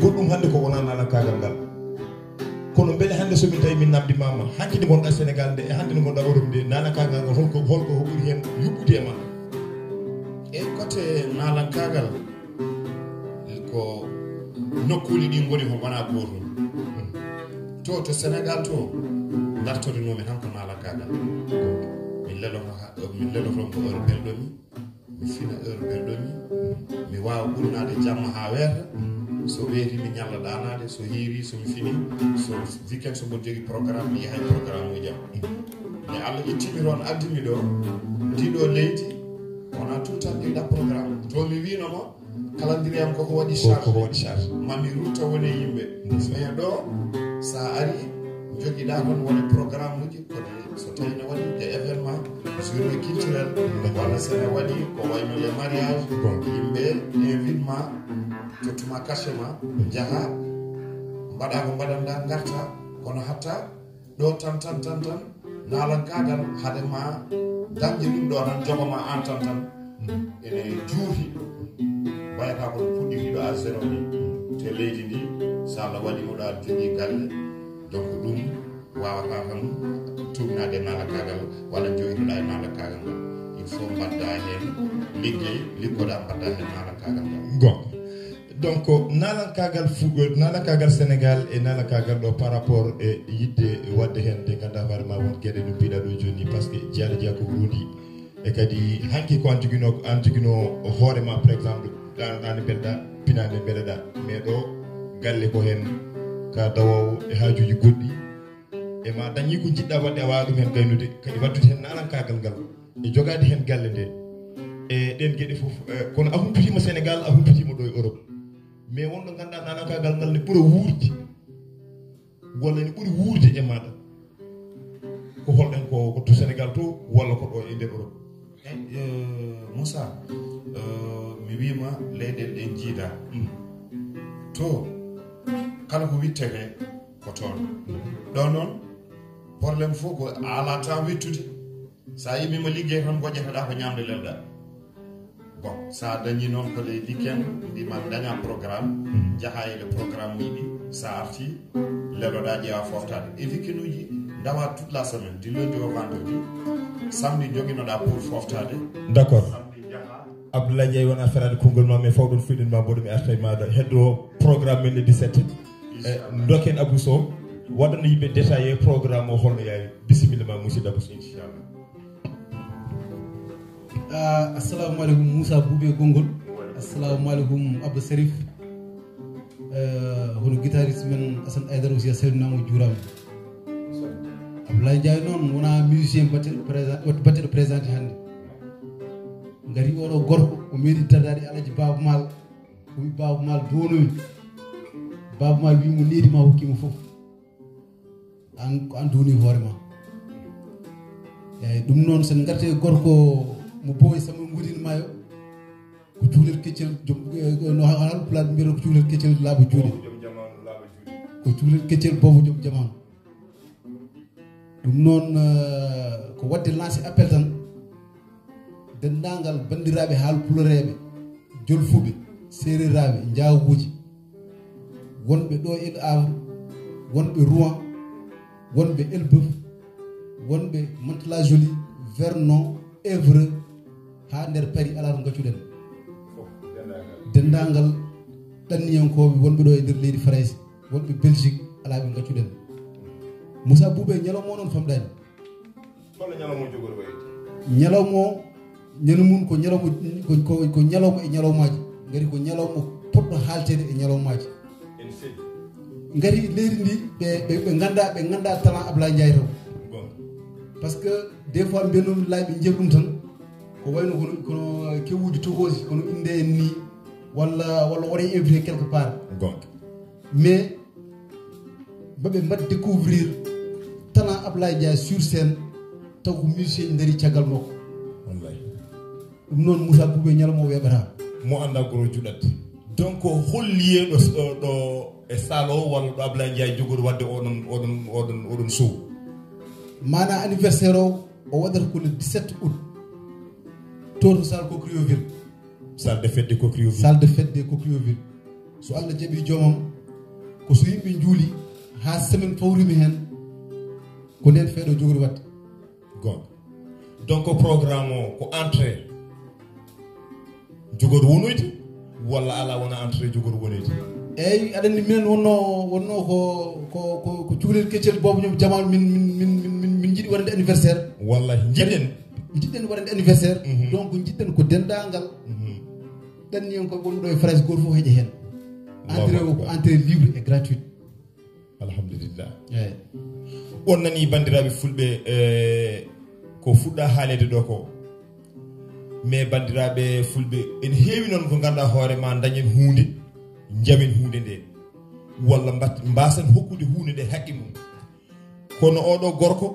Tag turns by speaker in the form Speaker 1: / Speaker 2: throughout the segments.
Speaker 1: goɗɗum hannde ko nan ala kaagal ngal kono beele hannde somin tawi min namdimama hankkide gonɗa sénégal nde e hande nde gonɗa europe nde naalakagal ngal holko holko ho ɓuuri hen yuɓɓude e ma e côté naalankagal ko
Speaker 2: nokkuji ɗi goni ko wona gotol to to sénégal to dartodinomi tan ko naalankagal min leloto min lelotoon ko heure belɗomi mi fina heure belɗomi mi wawa ɓurnade jamma ha weeta so mi ñalla danade so heeri somi fini so weekend somo jogui programme mi yahay programme uji am mais allah ittimi toon addimi ɗo ndiɗo leydi wona tout tan ɗiɗa programme to mi winoma calendrier koko waɗi charge koko waɗi charge mami ruta woni yimɓe so hen ɗo sa ari jaɓiɗa kon wona programme uji kono so tawi ne waɗi de événement surno culturel walla sene waɗi ko wayno le mariage yimɓe invite ma tottuma cache ma jaaha mbaɗa ko mbaɗanɗa garta kono hatta ɗo tan tan tan tan naalankagal haadema dañƴe ɗum ɗo tan jogoma an tan tan ene juuri wayata kono puɗɗiriɗo a zéro ni te leydi ndi sa allah waɗi oɗa jogui galle donc ɗum wawata tan tumnade nalakagal walla joyiɗoɗa e nalakagal ngal il faut mbadda hen
Speaker 1: liggey liggoɗa mbadda hen nalakagal ngal gonga donc nalankagal fugo nalankagal sénégal e nalankagal ɗo par rapport e eh, yidde wadde hen nde ganduɗa hoorema won gueɗe no mbiɗa ɗo joni par ce que jeyaɗo jeeya ko wurondi e kadi hanki ko an joguino an joguino hoorema par exemple ɗanoɗa ne mbeɗeɗa pinade mbeɗeɗa mais ɗo galle ko hen ka dawowo e haajuji goɗɗi e ma dañi ko jiɗɗa waɗɗe a waɗum hen gaynude kadi waddude hen nanankagal ngal e jogade hen galle nde e ɗen gueɗe foof e, kono a humpitima sénégal a humpitima ɗo e europe mais wonɗo ganduɗa nanankagal ngal ne ɓuura wuurde walla ne ɓuuri wuurde e maɗa ko holɗen ko to sénégal to walla ko ɗo e nder europe eyi eh, eh, moussa eh, mi wima leyɗel ɗe jiida hmm.
Speaker 2: to kala ko wittete ko toon ɗo noon probléme fof ko ala temps wittude sa yimmima liggey tan goƴƴataɗa ko ñamde lelɗa bon sa dañi noon ko ley weekend mbima daña programme mm-hmm. jaaha e le programme uji ɗi sa arti leloɗa ƴeewa foftade e weekend uji dawa toute la semaine di lundi au vendredi samedi joguinoɗa pour foftade
Speaker 1: d' accord abdoulaye diaye wona affaire ade konngol ma mais faw ɗon fuɗinma boɗum mi arta maɗa heddo programme men le 17 doken eh, abuso waɗano yimɓe détaillé programme o holno
Speaker 3: yaari bisimilla ma musidɗo abuso inchallah uh, ah, assalamu aleykum moussa bouɓe gongol assalamu aleykum abba eh, sarif uh, hono guitariste men assane aydara aussi a salminama juurama abdoulaye ndiaye noon wona musicien batteɗo oh, batteɗo présenté hannde gorko o alaji mal o mal donomi baba ma wi mo needi ma hokkimo fof an ko an duuni hoore ma eyyi eh, ɗum noon sen garte gorko mo boyi sama gudini ma yo ko cuulet keccel eh, no alpulaar mbiyata ko cuulet keccel laaɓa juuɗe ko cuulet keccel bofo joom jamanu ɗum noon eh, ko wadde lancé appel tan denndaangal banndiraaɓe haal puloreeɓe jolfuɓe séereraaɓe njaawobuuji wonɓe ɗo el awru wonɓe rouen wonɓe elbeuf wonɓe mantela joli vernon évreux ha nder paris alano gaccuɗen dendagal ɗanniyankoɓe wonɓe ɗo e nder leydi france wonɓe belgique ala ɓe gaccuɗen moussa boubé ñalawma o noon famɗani
Speaker 1: holla ñalawma o jogori
Speaker 3: wayde ñalawma o ñana mum ko ñalawma ko ñalawma e ñalawmaji gari ko ñalawma poɗɗo haaltede e ñalawmaji gari leydi ndi be ganda be ganda talent ablaye ndiaye taw par ce que des fois benum laaɓe bi ɗum tan ko wayno ko kono kono to tokosi ko inde ni wala wala oɗe invité quelque part donc mais maɓe mbaɗ découvrir talent ablaye ndiaye sur scène taw ko musicien ji daari caggal makko ɗum moussa bouɓe ñalawma mo weɓata mo anda gro juɗat donc holliye ɗo
Speaker 1: ɗo e salo walla ɗo ablaye ndiaye jogoɗo wadde oɗon oɗon oɗon oɗon
Speaker 3: sow mana anniversaire o o waɗata ko le 17 août toon to salle cocrioville
Speaker 1: salle de fête de cocrioville salle de
Speaker 3: fête de cocrioville so allah jaaɓi joomam ko so yimɓe juuli ha semaine fawrimi hen ko nden feeɗo jogori wadde gonga donc programme o ko entrée
Speaker 1: jogoɗo wonoyde ولا على وانا انتري جوجر ولدي
Speaker 3: اي انا من ونو ونو هو كو كو كو تولي كيتشل بوب جمال من من من من من من جيد ورد انيفرسير والله جيدن جيدن ورد انيفرسير دونك جيدن كو دندا انغال تاني يوم كو بوندو فريس غور فو هيدي هن انتري وكو انتري ليبر اي غراتويت
Speaker 1: الحمد لله
Speaker 3: ايه ونني بندرابي
Speaker 1: فولبي كو فودا حالي دوكو mais bandiraɓe fulɓe en heewi noon ko ganduɗa hoorema dañen hunde jamen hunde nde walla bat mbasen hokkude hunde nde haqqe mum kono oɗo gorko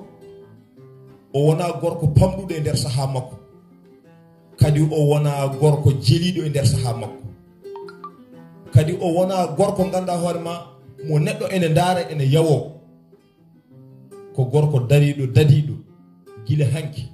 Speaker 1: o wona gorko pamɗuɗo e nder saaha makko kadi o wona gorko jeliɗo e nder saaha makko kadi o wona gorko ganduɗa hoorema mo neɗɗo ene daara ene yawo ko gorko dariɗo dadiɗo guila hanki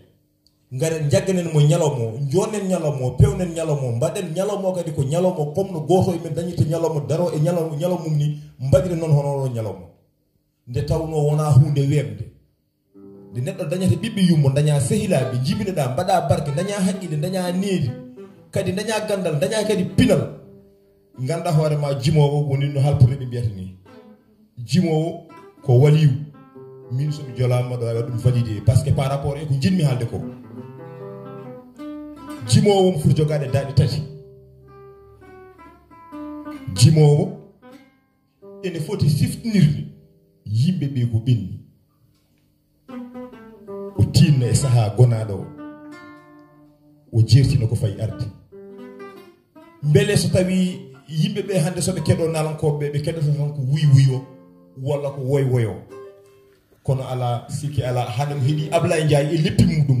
Speaker 1: ngare jagganen mo ñalomo jonen ñalomo pewne ñalomo mbaden ñalomo kadi ko ñalomo comme no goto men dañita ñalomo daro e ñalomo nyalomo ni mbadire non hono ro ñalomo nde tawno wona hunde webde nde bibbi yumbo ɓiɓɓe sehila bi jibina da mbaɗa barke daña haqqille daña needi kadi daña gandal daña kadi pinal ganda hoorema jimowo woni no halpure bi biati ni jimowo ko waliyu min somi jolama ma waɗa ɗum fadi de parce que par rapport e ko jinmi halde ko jimowo mo foti jogade daɗe tati jimowo ene foti siftinirde yimɓe ɓe ko ɓenni o tinna e saaha gonaɗo o o jertino ko fayi arde beele so tawi yimɓe ɓe hannde soɓe keɗo nalankoɓe ɓe keɗoto tan ko wuy wuy o walla ko woy woy o kono ala sikki ala haɗa mi heeɗi e ndiaye e leppi muɗum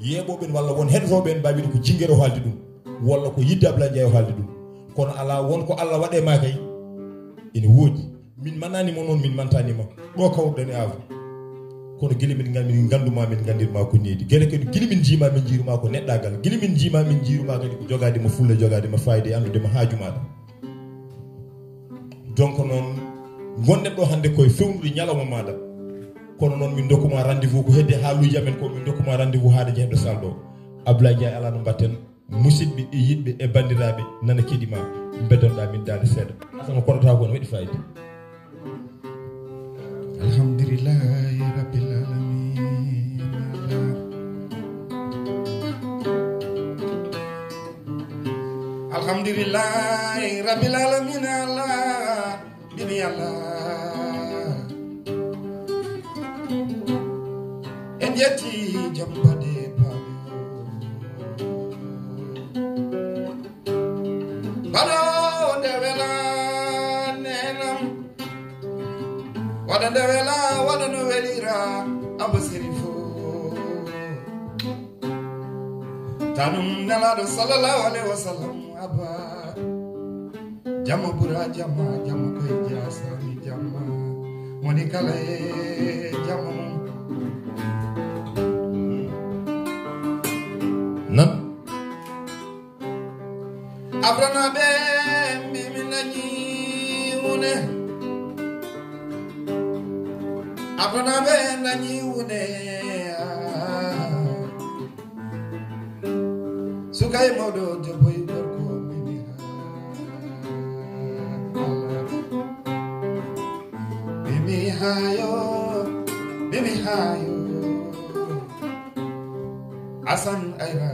Speaker 1: yeɓoɓen walla won heɗotoɓeen mbawiɗe ko jinguere o haalde ɗum walla ko yidde abla ndiaye o haalde ɗum kono ala wonko allah waɗe ma kay ene woodi min mananima noon min mantanima ɗo kawruɗen e awre kono guila min ganduma min gandirma ko needi gueɗe kadi guila min jiima min jiiruma ko neɗɗagal guila min jiima min jiiruma kadi ko jogadima fulle jogadima fayide e andudema haajumaɗa donc noon gonɗen ɗo hande koye fewnude ñalawma maɗa kono non min dokuma rendez-vous ko hedde haaluji amen ko min dokuma rendez-vous haade jeyɗo sall ɗo abdoulaye dia ala no mbatten musidɓe e yiɗɓe e bandiraabe nana keɗima beddanɗa min daade seeɗa asama koɗota ko ne waɗi fayida alhamdulillah
Speaker 2: rabbil alamin Alhamdulillah, rabbil alamin allah bibi allah yeti jambade pabio balo devela nenam wada devela wada novelira abasirifo tanum nelado sallallahu alaihi wasallam aba jama bura jama jama koy jasami jama monikala e jama abrana be mimina une? abrana be nani une? sukai modo te boy gorko mimi mimi hayo mimi hayo asan ayra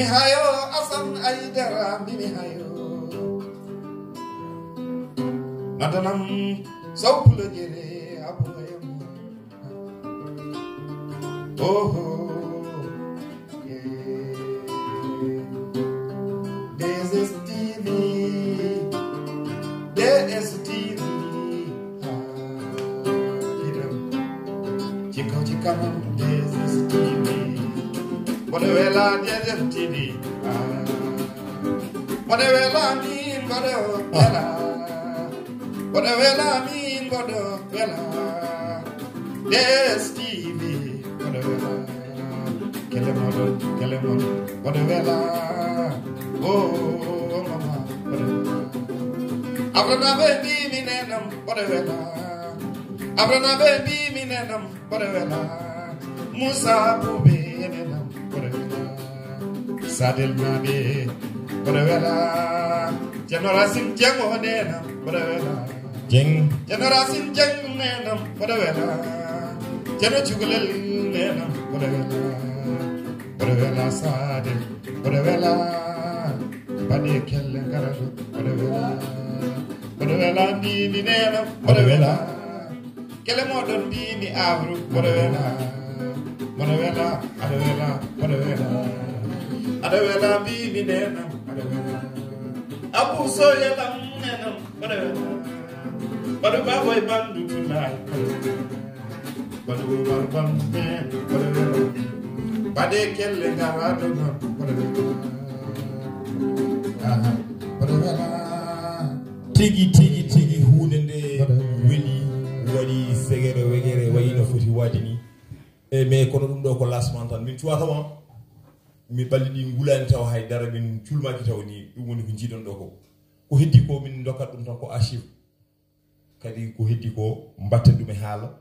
Speaker 2: Mimihayo, asam aidera, mimihayo. Madanam, so pulajere, abu emu. Oh, oh. whatever I mean bodo bella whatever I mean bodo bella yes tv bodo kele modo kele modo bodo bella oh mama bodo abrana baby minenam bodo bella abrana baby minenam bodo bella musa bube sadel nabi jenora sin jeng o nena brawela jeng generation jeng nena brawela jeno chugulel nena brawela brawela sadel brawela bani kelle garadu brawela brawela ni ni nena brawela kele modon bi ni avru brawela brawela brawela brawela adawela bibi dena adawela abuso yela mnena adawela badu babo ibandu tulai badu babo bandu adawela bade kelle garado
Speaker 1: na adawela tigi tigi tigi hunde nde weli wadi segere wegere wayi no foti waadi ni e eh, me kono ɗum ɗo ko lasman tan min cuwatama mi balli ɗi ngulani taw haydara min culmaki taw ni ɗum woni ko jiiɗon ɗo ko ko heddi ko min dokkat ɗum tan ko archive kadi ko heddi ko mbatten ɗum e haala